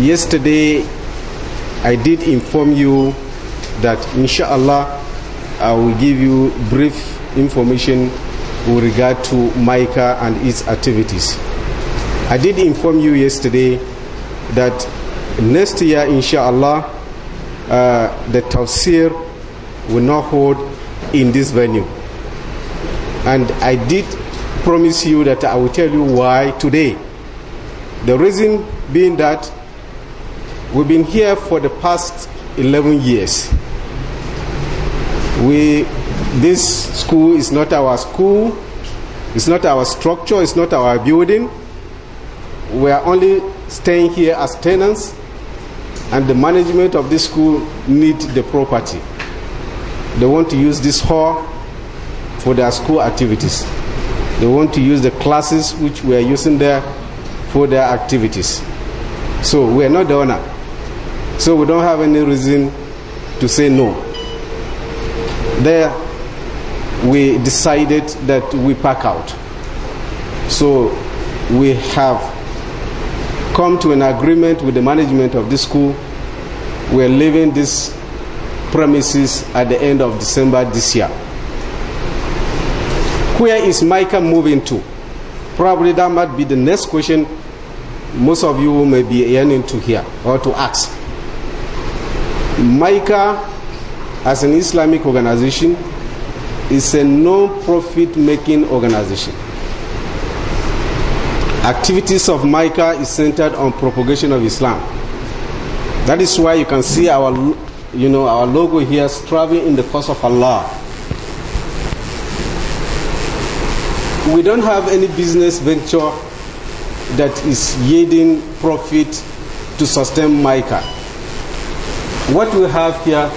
yesterday I did inform you that inshallah I will give you brief information with regard to Maika and its activities. I did inform you yesterday that next year inshallah uh, the tafsir will not hold in this venue. And I did promise you that I will tell you why today. The reason being that We've been here for the past 11 years. We, this school is not our school, it's not our structure, it's not our building. We are only staying here as tenants, and the management of this school need the property. They want to use this hall for their school activities. They want to use the classes which we are using there for their activities. So we are not the owner. So we don't have any reason to say no. There we decided that we pack out. So we have come to an agreement with the management of this school. We're leaving this premises at the end of December this year. Where is Micah moving to? Probably that might be the next question most of you may be yearning to hear or to ask. MICA, as an Islamic organization, is a non-profit making organization. Activities of MICA is centered on propagation of Islam. That is why you can see our, you know, our logo here, striving in the cause of Allah. We don't have any business venture that is yielding profit to sustain MICA. What we have here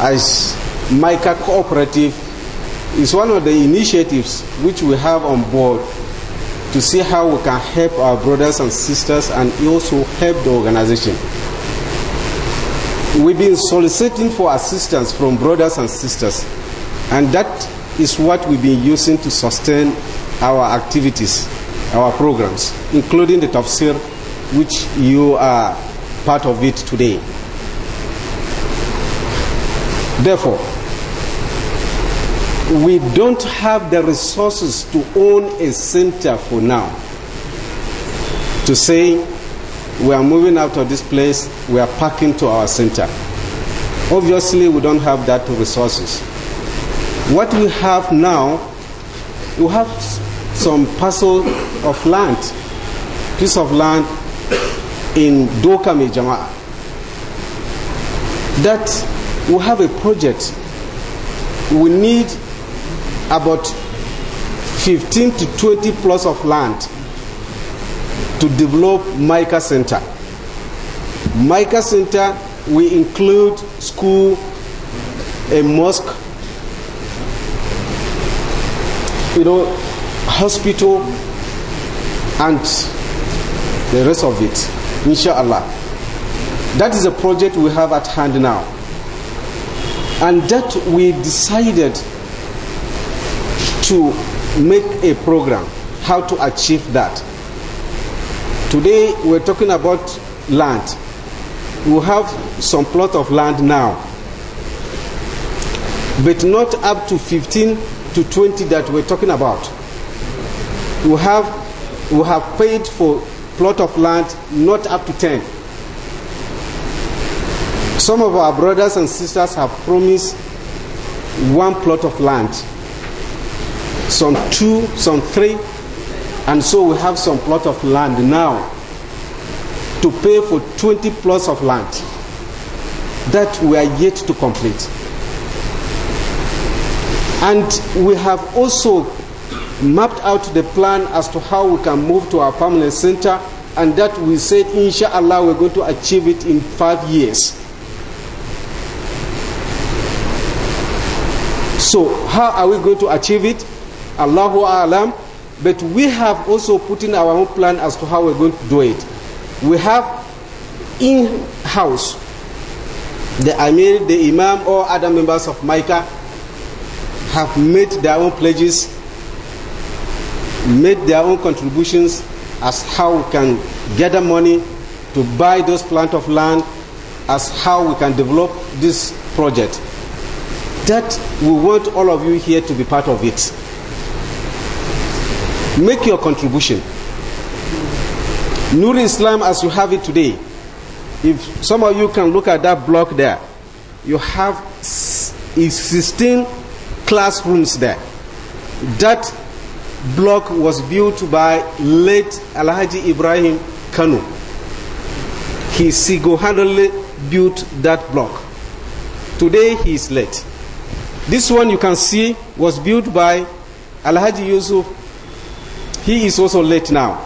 as Mica Cooperative is one of the initiatives which we have on board to see how we can help our brothers and sisters and also help the organization. We've been soliciting for assistance from brothers and sisters, and that is what we've been using to sustain our activities, our programs, including the tafsir, which you are part of it today. Therefore, we don't have the resources to own a center for now. To say, we are moving out of this place, we are packing to our center. Obviously, we don't have that resources. What we have now, we have some parcel of land, piece of land in Dokami Jama'a. That we have a project. We need about 15 to 20 plots of land to develop MICA Center. MICA Center, we include school, a mosque, you know, hospital, and the rest of it, inshallah. That is a project we have at hand now and that we decided to make a program how to achieve that today we're talking about land we have some plot of land now but not up to 15 to 20 that we're talking about we have we have paid for plot of land not up to 10 some of our brothers and sisters have promised one plot of land, some two, some three, and so we have some plot of land now to pay for 20 plots of land that we are yet to complete. And we have also mapped out the plan as to how we can move to our permanent center, and that we said, inshallah, we're going to achieve it in five years. So how are we going to achieve it? Allahu Alam. But we have also put in our own plan as to how we're going to do it. We have in-house the Amir, the Imam or other members of Micah have made their own pledges, made their own contributions as how we can gather money to buy those plant of land, as how we can develop this project that we want all of you here to be part of it. Make your contribution. Nur Islam as you have it today, if some of you can look at that block there, you have 16 classrooms there. That block was built by late Alhaji Ibrahim Kanu. He single-handedly built that block. Today he is late. This one you can see was built by Alhaji Yusuf. He is also late now.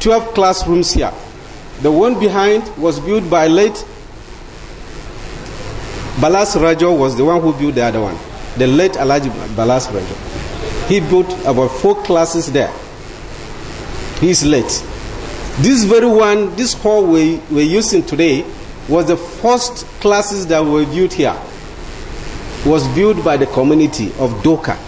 12 classrooms here. The one behind was built by late Balas Rajo was the one who built the other one. The late Alhaji Balas Rajo. He built about four classes there. He is late. This very one, this hall we, we're using today, was the first classes that were built here was built by the community of Doka.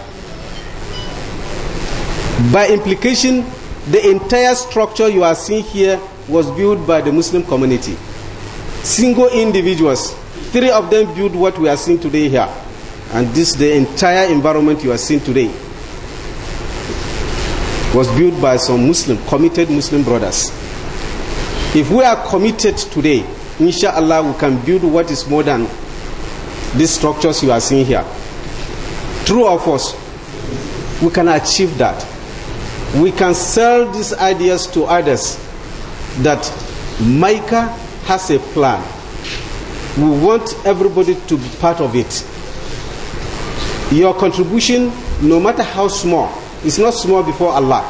By implication, the entire structure you are seeing here was built by the Muslim community. Single individuals, three of them built what we are seeing today here. And this, the entire environment you are seeing today, was built by some Muslim, committed Muslim brothers. If we are committed today, inshallah, we can build what is more than these structures you are seeing here. Through of us, we can achieve that. We can sell these ideas to others that Micah has a plan. We want everybody to be part of it. Your contribution, no matter how small, is not small before Allah.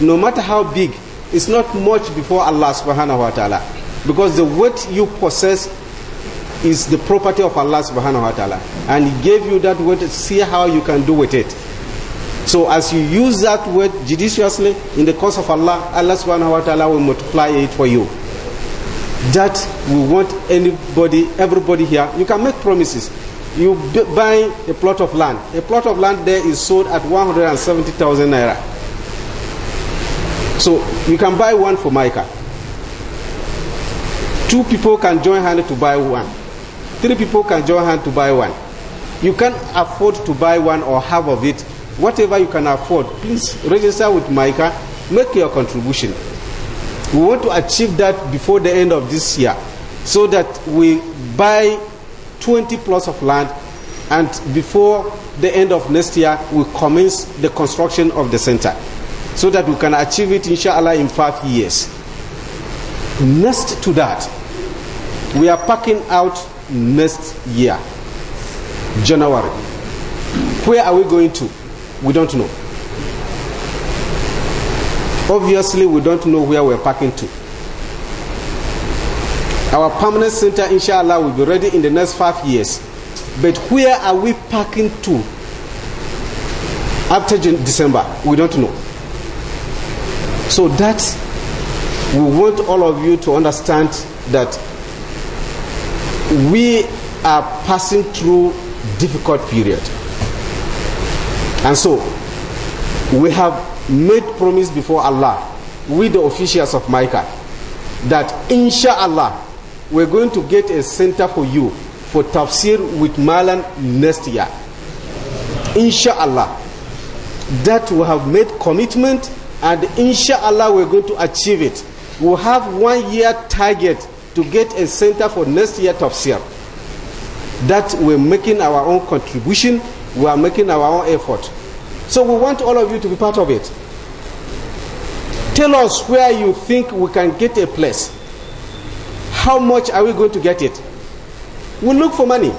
No matter how big, it's not much before Allah subhanahu wa ta'ala. Because the weight you possess is the property of Allah subhanahu wa ta'ala. And He gave you that word, see how you can do with it. So as you use that word judiciously in the cause of Allah, Allah subhanahu wa ta'ala will multiply it for you. That we want anybody, everybody here, you can make promises. You buy a plot of land. A plot of land there is sold at 170,000 naira. So you can buy one for Micah. Two people can join hand to buy one. Three people can join hand to buy one. You can't afford to buy one or half of it. Whatever you can afford, please register with MICA, make your contribution. We want to achieve that before the end of this year so that we buy 20 plus of land and before the end of next year we commence the construction of the center so that we can achieve it inshallah in five years next to that we are packing out next year, January. Where are we going to? We don't know. Obviously, we don't know where we're packing to. Our permanent center, inshallah, will be ready in the next five years. But where are we packing to after December? We don't know. So that we want all of you to understand that we are passing through difficult period. And so, we have made promise before Allah with the officials of Micah that inshallah we're going to get a center for you for tafsir with Malan next year. Inshallah. That we have made commitment and inshallah we're going to achieve it. We have one year target to get a center for next year Tafsir. That we're making our own contribution, we are making our own effort. So we want all of you to be part of it. Tell us where you think we can get a place. How much are we going to get it? We look for money.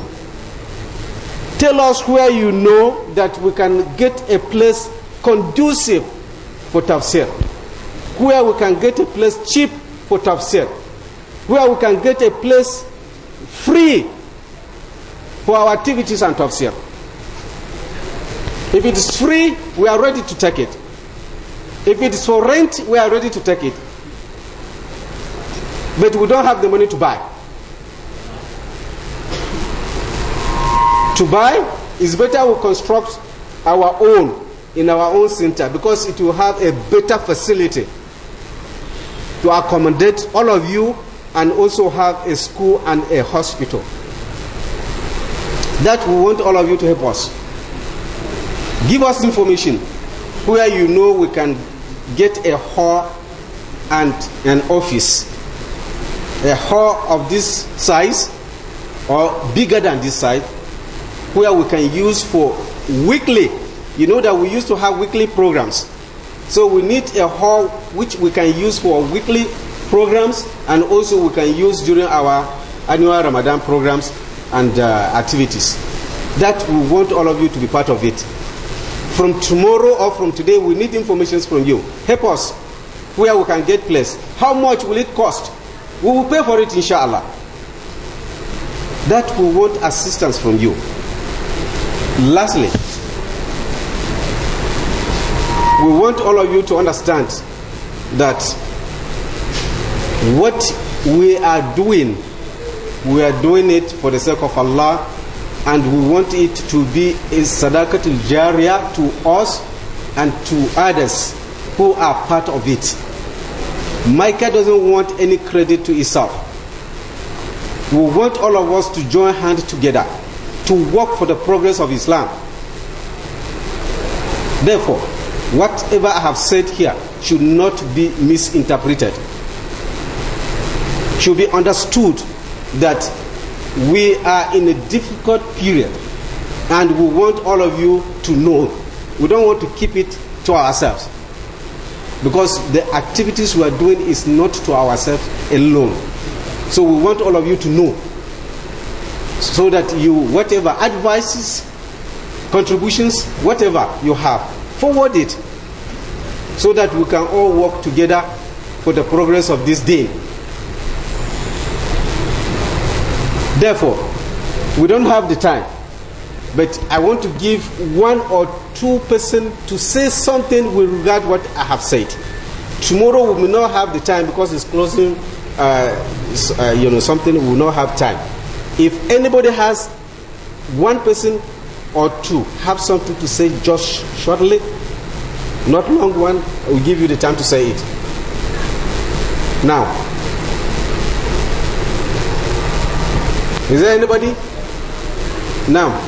Tell us where you know that we can get a place conducive for tafsir. Where we can get a place cheap for tafsir where we can get a place free for our activities and tafsir. If it is free, we are ready to take it. If it is for rent, we are ready to take it. But we don't have the money to buy. To buy is better we construct our own in our own center because it will have a better facility to accommodate all of you and also have a school and a hospital. That we want all of you to help us. Give us information where you know we can get a hall and an office. A hall of this size or bigger than this size where we can use for weekly. You know that we used to have weekly programs. So we need a hall which we can use for weekly programs and also we can use during our annual Ramadan programs and uh, activities. That we want all of you to be part of it. From tomorrow or from today, we need information from you. Help us where we can get place. How much will it cost? We will pay for it, inshallah. That we want assistance from you. Lastly, we want all of you to understand that what we are doing, we are doing it for the sake of Allah and we want it to be a sadaqatul jariyah to us and to others who are part of it. Micah doesn't want any credit to himself. We want all of us to join hands together to work for the progress of Islam. Therefore, whatever I have said here should not be misinterpreted should be understood that we are in a difficult period and we want all of you to know. We don't want to keep it to ourselves because the activities we are doing is not to ourselves alone. So we want all of you to know so that you, whatever advices, contributions, whatever you have, forward it so that we can all work together for the progress of this day. Therefore, we don't have the time. But I want to give one or two person to say something with regard what I have said. Tomorrow we will not have the time because it's closing, uh, uh, you know, something we will not have time. If anybody has one person or two have something to say just shortly, not long one, we'll give you the time to say it. Now, Is there anybody? Now.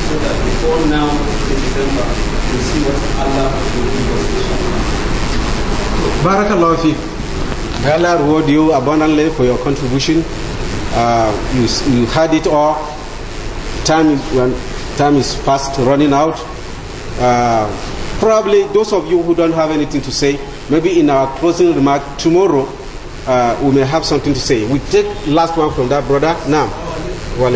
all now in December to see what Allah will give us, inshallah. Barakallahu fi. May Allah reward you abundantly for your contribution. Uh, you, you had it all. Time is, when time is fast running out. Uh, probably those of you who don't have anything to say, maybe in our closing remark tomorrow, uh, we may have something to say. We take last one from that brother now. Wa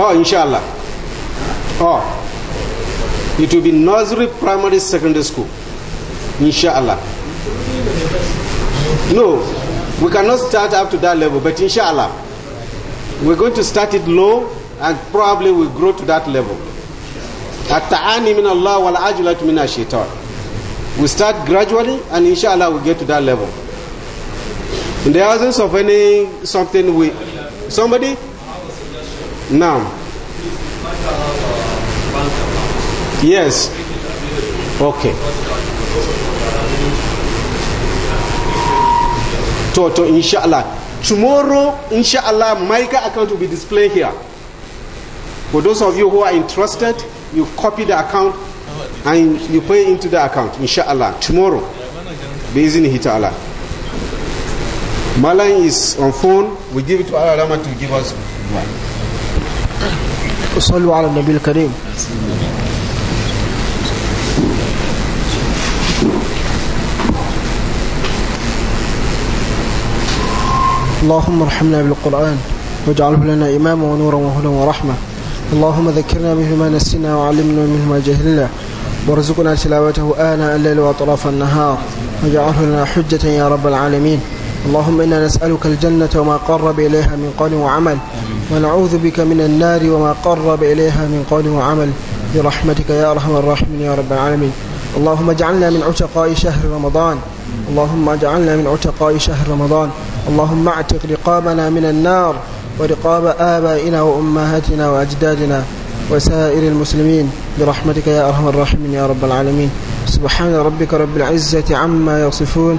Oh, inshallah. Oh, it will be nursery, primary, secondary school. Inshallah. No, we cannot start up to that level, but inshallah. We're going to start it low and probably will grow to that level. At-ta'ani min Allah wal min shaitan We start gradually and inshallah we get to that level. In the absence of any something we somebody Now, yes. Okay. To, to, inshallah. Tomorrow, inshallah, my account will be displayed here. For those of you who are interested, you copy the account and you pay into the account, inshallah. Tomorrow, based in allah Malan is on phone. We give it to Allah to give us one. صلوا على النبي الكريم اللهم ارحمنا بالقرآن واجعله لنا إماما ونورا وهدى ورحمة اللهم ذكرنا به ما نسينا وعلمنا منه ما جهلنا وارزقنا تلاوته آناء الليل وأطراف النهار واجعله لنا حجة يا رب العالمين اللهم إنا نسألك الجنة وما قرب إليها من قول وعمل ونعوذ بك من النار وما قرب إليها من قول وعمل برحمتك يا أرحم الراحمين يا رب العالمين اللهم اجعلنا من عتقاء شهر رمضان اللهم اجعلنا من عتقاء شهر رمضان اللهم اعتق رقابنا من النار ورقاب آبائنا وأمهاتنا وأجدادنا وسائر المسلمين برحمتك يا أرحم الراحمين يا رب العالمين سبحان ربك رب العزة عما يصفون